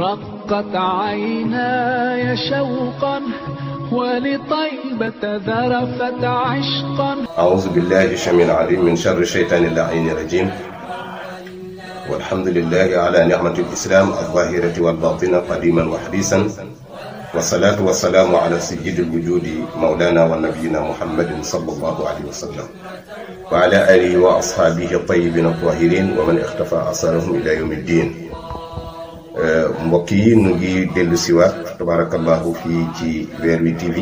رقت عيناي شوقا ولطيبة ذرفت عشقا أعوذ بالله الشميع العليم من شر الشيطان اللعين الرجيم والحمد لله على نعمة الإسلام الظاهرة والباطنة قديما وحديثا والصلاة والسلام على سيد الوجود مولانا ونبينا محمد صلى الله عليه وسلم وعلى آله وأصحابه الطيبين الطاهرين ومن اختفى أثرهم إلى يوم الدين Eh, mbokk yi ñu ngi dellu siwaat tabarakallahu fii ci weer wi TV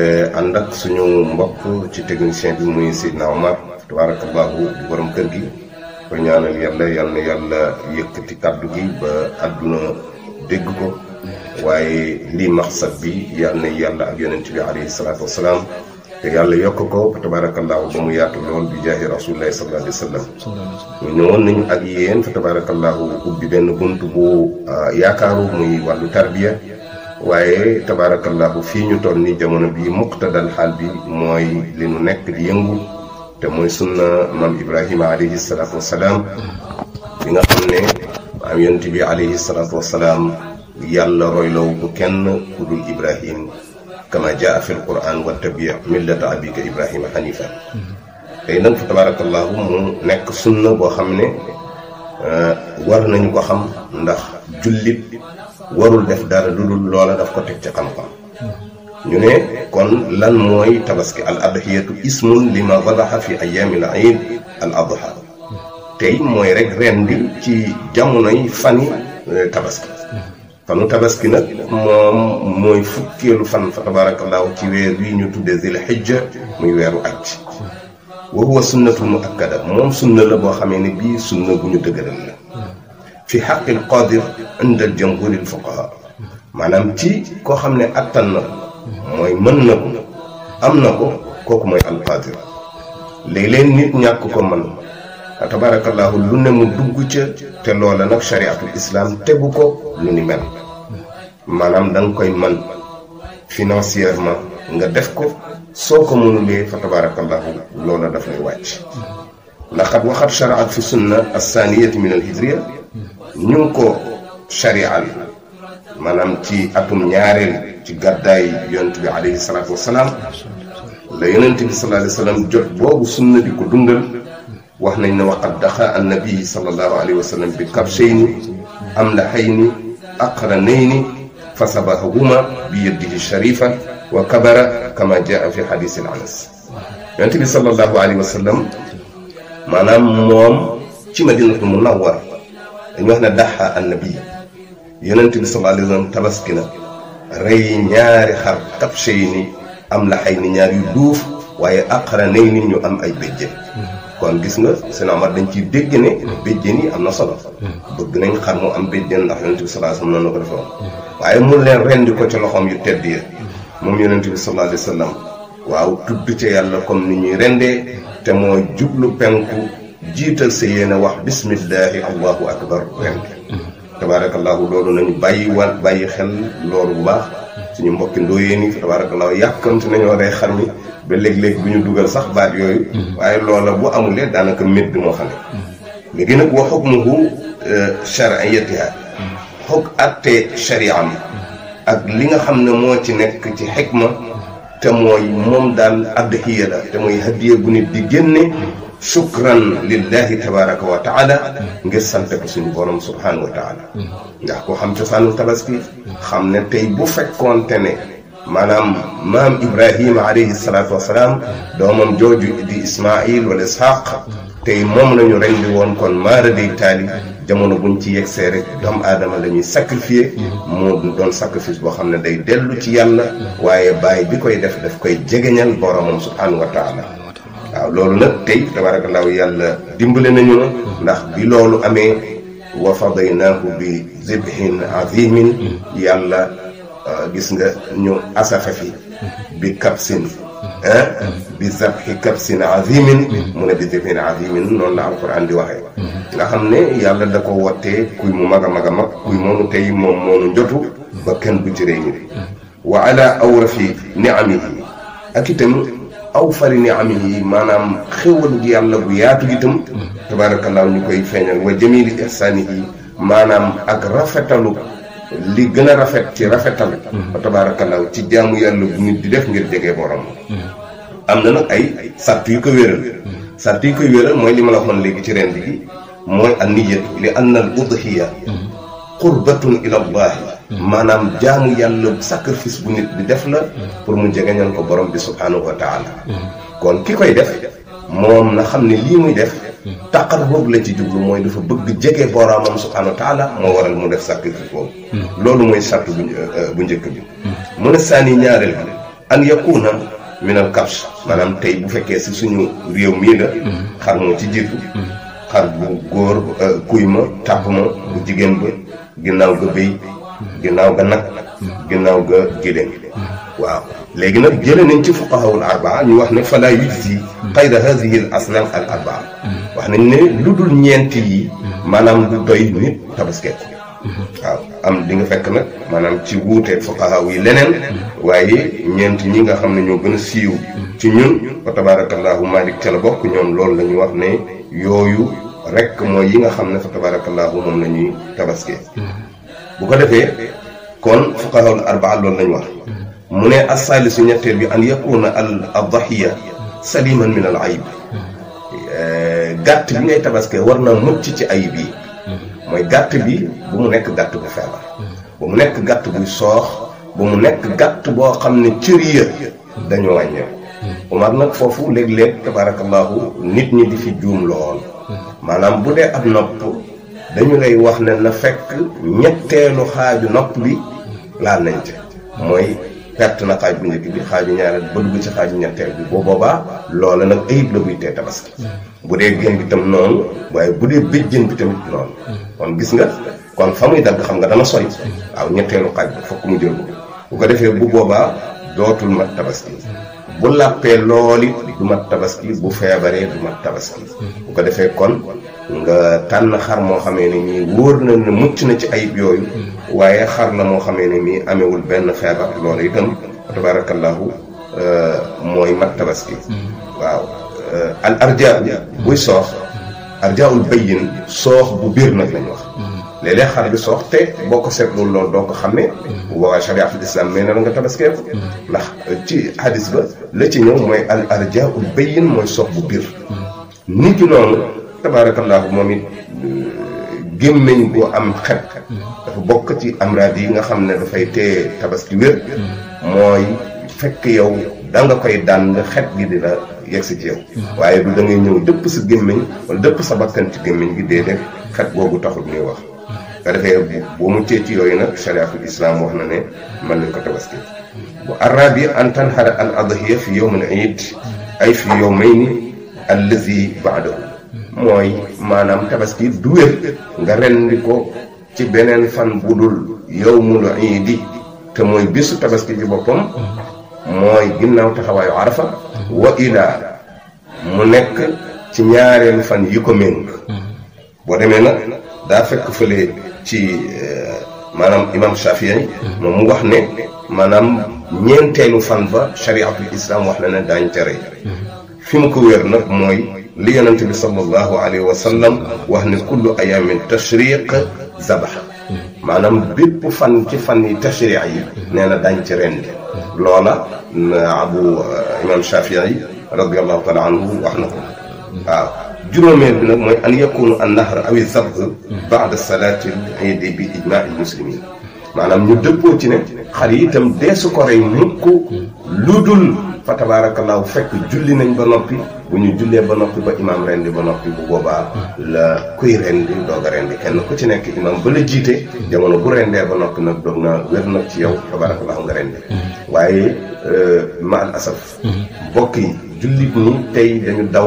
eh, ànd ak suñu mbokk ci technicien bi muy Seydina Omar tabarakallahu borom kër gi ko ñaanal yàlla yàlla na yàlla yëkkati kàddu gi ba àdduna dégg ko waaye lii maxsab bi yàlla na yàlla ak yonent bi alayhi salaatu salaam te yàlla yokk ko fa tabaarakallaahu ba mu yaatu lool bi jaahi rasulillahi sallallahu alayhi ñëwoon nañu ak yéen fa tabaarakallaahu ubbi benn bunt bu yaakaaru muy wàllu tarbiya waaye tabaarakallaahu fii ñu toll ni jamono bi muqtadal xaal bi mooy li nu nekk di yëngu te mooy sunna maam ibrahima alayhi salaatu wasalaam bi nga xam ne am yonent bi alayhi salaatu wasalaam yàlla royloo bu kenn ku dul ibrahim kama jaa fi alquran wa tabi millata abika ibrahima hanifa tey nag fa tabarakallahu mu nekk sunna boo xam ne euh, war nañu ko xam ndax jullit warul def dara lu dul loola daf ko teg ci xam-xam ñu ne kon lan moy tabaski al adhiyatu ismun lima wadaxa fi ayaami al iid al adha tey mooy rek rendi ci jamonoy fani euh, tabaski fanu tabaski nag moom mooy fukkeelu fan fa ci weer yi ñu tuddee zil xijja muy weeru aj wa huwa sunnatul muakkada moom sunna la boo xamee ne bii sunna bu ñu dëgëral la fi xaqil qadir inda al jamhuril fuqaha ci koo xam ne attan na mooy mën na ko am na ko kooku mooy al qadir léeg-léeg nit ñàkk ko mën tabaarakallaahu lu ne mu dugg ca te loola nag chariatul islam tegu ko lu ni mel manam dang koy man financièrement nga def ko soko munu be fa tabarakallah loola da fay wàcc ndax xat waxat sharaat fi sunna as-saniyah min al hijriya ñu ko shari'a manam ci atum ñaarel ci gaday yonent bi alayhi salatu wassalam la yonent bi sallallahu alayhi wasallam jot bobu sunna bi ko dundal wax nañ ne waqad dakha an-nabi sallallahu alayhi wasallam bi kabshayni amlahayni aqranayni fasabahahuma bi yadihi sharifa wa kabara kama jaa fi xadisil anas yonent bi sallallahu alayhi wa moom ci madinatul munawwar dañu wax ne daxa annabi yonent bi sallallahu alayhi wa sallam tabaski na rey ñaari xar tabshay ni am laxay ni ñaar yu duuf waaye aqranay ni ñu am ay béjjën kon gis nga sëñ amar dañ ci dégg ne béjjén yi am na solo bëgg nañ xam mu am béjjén ndax yonent bi sallallahu alayhi wasallam noonu ko defe woon waaye mu leen rendi ko ci loxom yu tedd ya moom yonent bi sallallahu alayhi wasallam waaw tudd ca yàlla comme ni ñuy rendee te moo jublu penku jiital sa yéene wax bismillahi allahu akbar rend tabarakallahu loolu nañu bàyyi wa bàyyi xel loolu bu baax suñu mbokki ndóoyeen yi fa tabaarakallaa yàkkamte nañoo rey xar mi ba léeg-léeg bu ñu dugal sax baat yooyu mm-hmm. waaye loola bu amulee daanaka bi moo xam ne léegi nag wa xukmuhu chariyatiha euh, xuk mm-hmm. atte chariam mm-hmm. ak li nga xam ne moo ci nekk ci xikma te mooy moom daal adhiya la te mooy hadiya bu nit di génne شكرا لله تبارك وتعالى غير سانت سن بوروم سبحان وتعالى دا كو خام تي سانو تابسكي خام ن تي بو فيكون تاني مانام مام ابراهيم عليه الصلاه والسلام دومم جوجو دي اسماعيل والاسحاق تي موم لا ني رندي وون كون ماردي تالي jamono buñ ci yek sé rek dom adama lañuy sacrifier mo doon sacrifice bo xamne day delu ci yalla waye baye bi koy def daf koy jégeñal لولو نك تي تبارك الله يالا ديمبلي نانيو ناخ بي لولو امي وفضيناه بذبح عظيم يالا غيسغا نيو اسافافي بكبس ها بذبح كبس عظيم من بذبح عظيم نون القران دي واخا nga xamne yalla da ko wote kuy mu maga maga mak kuy momu tay mom momu njotu ba ken bu ci reñu wa ala awrafi ni'amihi akitam aw fari ni am yi maanaam xéwalu gi yàlla bu yaatu gi itam mm. tabaarakallaa ñu koy feeñal wa jamili ihsaani yi maanaam ak rafetalu li gën a rafet ci rafetal mm. wa tabaarakallaa ci jaamu yàlla bu nit di def ngir jege borom mm. am na nag ay sàtt yu ko wéral sàtt yu ko wéral mooy li ma la waxoon léegi ci rend gi mooy an niyatu li an al udhiya qurbatun ila allahi maanaam jaamu yàlla sacrifice bu nit bi def na pour mu jegeñal ko boroom bi subhanahu wa taala kon ki koy def moom na xam ne lii muy def taqar boobu la ci jublu mooy dafa bëgg jege boroomam subhanahu wa taala moo mu def sacrifice boobu loolu mooy sart euh, bu njëkk bi mu ne saani ñaareel bi an yakuna min kabs maanaam tey bu fekkee si suñu réew mii la xar moo ci jiitu xar bu góor euh, kuy ma tàpp ma bu jigéen ba ginnaaw ga béy ginnaaw ga nag ginnaaw ga gëléem waaw léegi nag jëlee nañ ci fuqahaawul arbaa ñu wax ne fala yujzi xayra hadihi al asnaf al arbaa wax nañ ne lu dul ñeent yi maanaam du doy nit tabaskee waaw am di nga fekk nag maanaam ci wuute fuqahaaw yi leneen waaye ñeent ñi nga xam ne ñoo gën a siiw ci ñun fa tabarakallahu malik ca la bokk ñoom loolu la ñu wax ne yooyu rek mooy yi nga xam ne fa tabarakallahu moom la ñuy tabaskee bu ko defee kon fuqahaul arbaa loolu nañ wax mu ne assaalisu ñetteel bi an yakuna al addahiya saliman min al ayib eh, gàtt bi ngay tabaske war na mucc ci ayib yi mooy gàtt bi bu mu nekk gàtt bu feebar bu mu nekk gàtt buy soox bu mu nekk gàtt boo xam ne cër ya dañoo wàññeeku Umar nag foofu léeg-léeg tabaarakallaahu nit ñi di fi juum lool maanaam bu dee ab nopp dañu lay wax ne na fekk ñetteelu xaaju nopp bi laa nañ ca mooy perte na xaaj bu njëkk bi xaaju ñaareel ba dugg ci xaaju ñetteel bi boo boobaa loola nag ayib la buy tee tabaski bu dee génn bi tam noonu waaye bu dee jën bi tamit noonu kon gis nga kon fa muy dagg xam nga dana sori waaw ñetteelu xaaj bi fokk mu jël bu ko defee bu boobaa dootul mat tabaski bu làppee lool it du mat tabaski bu feebaree du mat tabaski bu ko defee kon nga tànn xar moo xamee ne nii wóor na ne mucc na ci ayib yooyu waaye xar la moo xamee ne nii amewul benn feebar loolu itam tabarakallahu mooy mat tabaski waaw al arja buy soox arjaul bayin soox bu biir nag lañ wax les les xar bi soox te boo ko seetlul loolu doo ko xàmmee waa chariatul islam mais ne nga tabaskee ndax ci hadis ba la ci ñëw mooy al arja ul bayin mooy sox bu biir nit ki noonu tabaarakallaahu moom it gémmeñ boo am xet dafa bokk ci amrad yi nga xam ne dafay teye tabaski wér mooy fekk yow da nga koy daan nga xet gi di la yegg si ci yow waaye du da ngay ñëw dëpp sa gémmeñ wala dëpp sa bakkan ci gémmeñ gi dee def xet googu taxul ñuy wax nga defee boo muccee ci yooyu nag chariatul islam wax na ne mën nañ ko bu arab yi an tanhara al adahiya fi yowmin iid ay fi yowmayni allazi mooy maanaam tabaski du nga rendi ko ci beneen fan bu dul yowmul iidi te mooy bisu tabaski ci boppam mooy ginnaaw taxawaayu arafa wa ilaa mu nekk ci ñaareelu fan yi ko méng mm-hmm. boo demee nag daa fekk fële ci maanaam imam Shafi'i moom mu wax ne maanaam ñeenteelu fan ba shariatul islam wax na ne daañ tere fi mu ko wér nag mooy li yonente bi sallallahu alayhi wa sallam wax ne kullu ayamin tashriq zabax maanaam bépp fan ci fan yi tashric yi nee na daañ ci rendi loola abu imam Shafi'i radiallahu taala anhu wax na ko waaw juróomeel bi nag mooy an yakunu an nahar awi zabb baada salaatil iidi bi ijmaa'il muslimin maanaam ñu dëppoo ci ne xar yi itam deesu ko rey mukk lu dul fa tabaarakallaahu fekk julli nañ ba noppi bu ñu jullee ba noppi ba imaam rendi ba noppi bu boobaa la kuy rendi doog a rendi kenn ku ci nekk imaam ba la jiite jamono bu rendee ba noppi nag doog na wér nag ci yow tabarakallahu nga rendi waaye euh, maal asaf bokk yi jullit ni tey dañu daw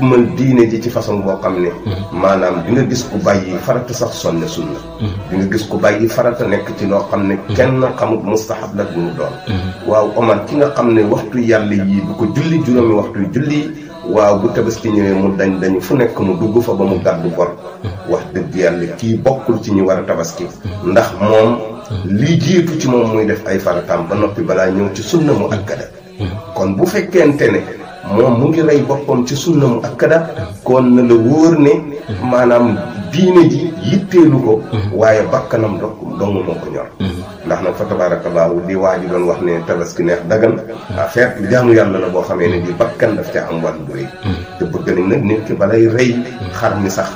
ma diine ji ci façon boo xam ne maanaam di nga gis ku bàyyi farata sax sonne sunna di nga gis ku bàyyi farata nekk ci loo xam ne kenn xamut mustahab la bu mu doon mm-hmm. waaw Omar ki nga xam ne waxtu yàlla yii bu ko julli waaw bu tabaski ñëwee mu dañ dañu fu nekk mu dugg fa ba mu gàddu bor wax dëgg yàlla kii bokkul ci ñi war a tabaski ndax moom lii jiitu ci moom muy def ay farataam ba noppi balaa ñëw ci sunna mu akkada kon bu fekkente ne moom mu ngi rey boppam ci sunna mu akkada kon na la wóor ne maanaam diine ji yitteelu ko mhm. waaye bakkanam dok dong moo ko ñor mhm. ndax nag fa tabarakallahu li waaji doon wax ne neex dagan mhm. feet jamu yàlla la boo xamee di bakkan daf ca am wàll bu rëy te bëgg nañ nag nit balay rey xar mi sax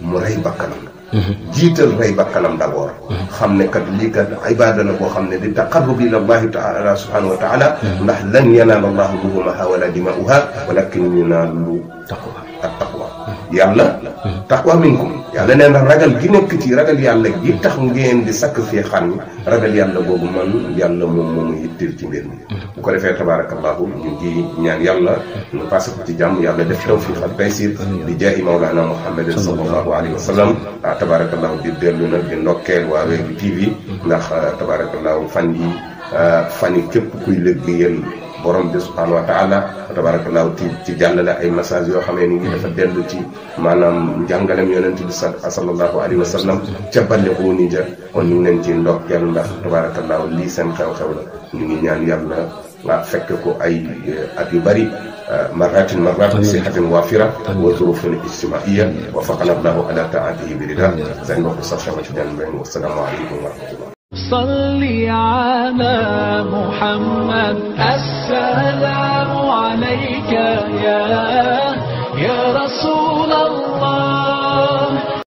mu rey bakkanam jiital rey bakkanam d' abord xam ne kat lii kat ibada la boo di taqarrub ila taala subhanahu wa taala ndax lan yanaal wala dimauha walakin yunaalu taqwa at taqwa yàlla mm-hmm. taqwa minkum yàlla nee na ragal gi nekk ci ragal yàlla gi tax ngeen di sakk fii xan ragal yàlla boobu man yàlla moom moomu yitteel ci mbir mi mm-hmm. bu ko defee tabaarakallaahu ñu ngi ñaan yàlla ñu passé ko ci jàmm yàlla def fii ak taysir di jaahi mawlana muhammadin sallallahu alayhi wa sallam ah tabaarakallaahu di dellu nag di ndokkeel waa Weer Wii TV ndax ah, tabaarakallaahu fan yi ah, fan yi képp kuy liggéeyal borom bi subhanahu wa ta'ala tabarakallah ti ci jàllale ay message yo xamé ni ngi dafa delu ci manam jangalam yonent bi sallallahu alaihi wasallam ci ca ko ni ja on ni ngi ci ndox ndokkeel ndax tabarakallah li sen xew-xew la ni ngi ñaan yalla nga fekk ko ay at yu bari مرات مرات وافرة وظروف اجتماعية وفقنا الله على زين والسلام عليكم ورحمة الله على محمد السلام عليك يا يا رسول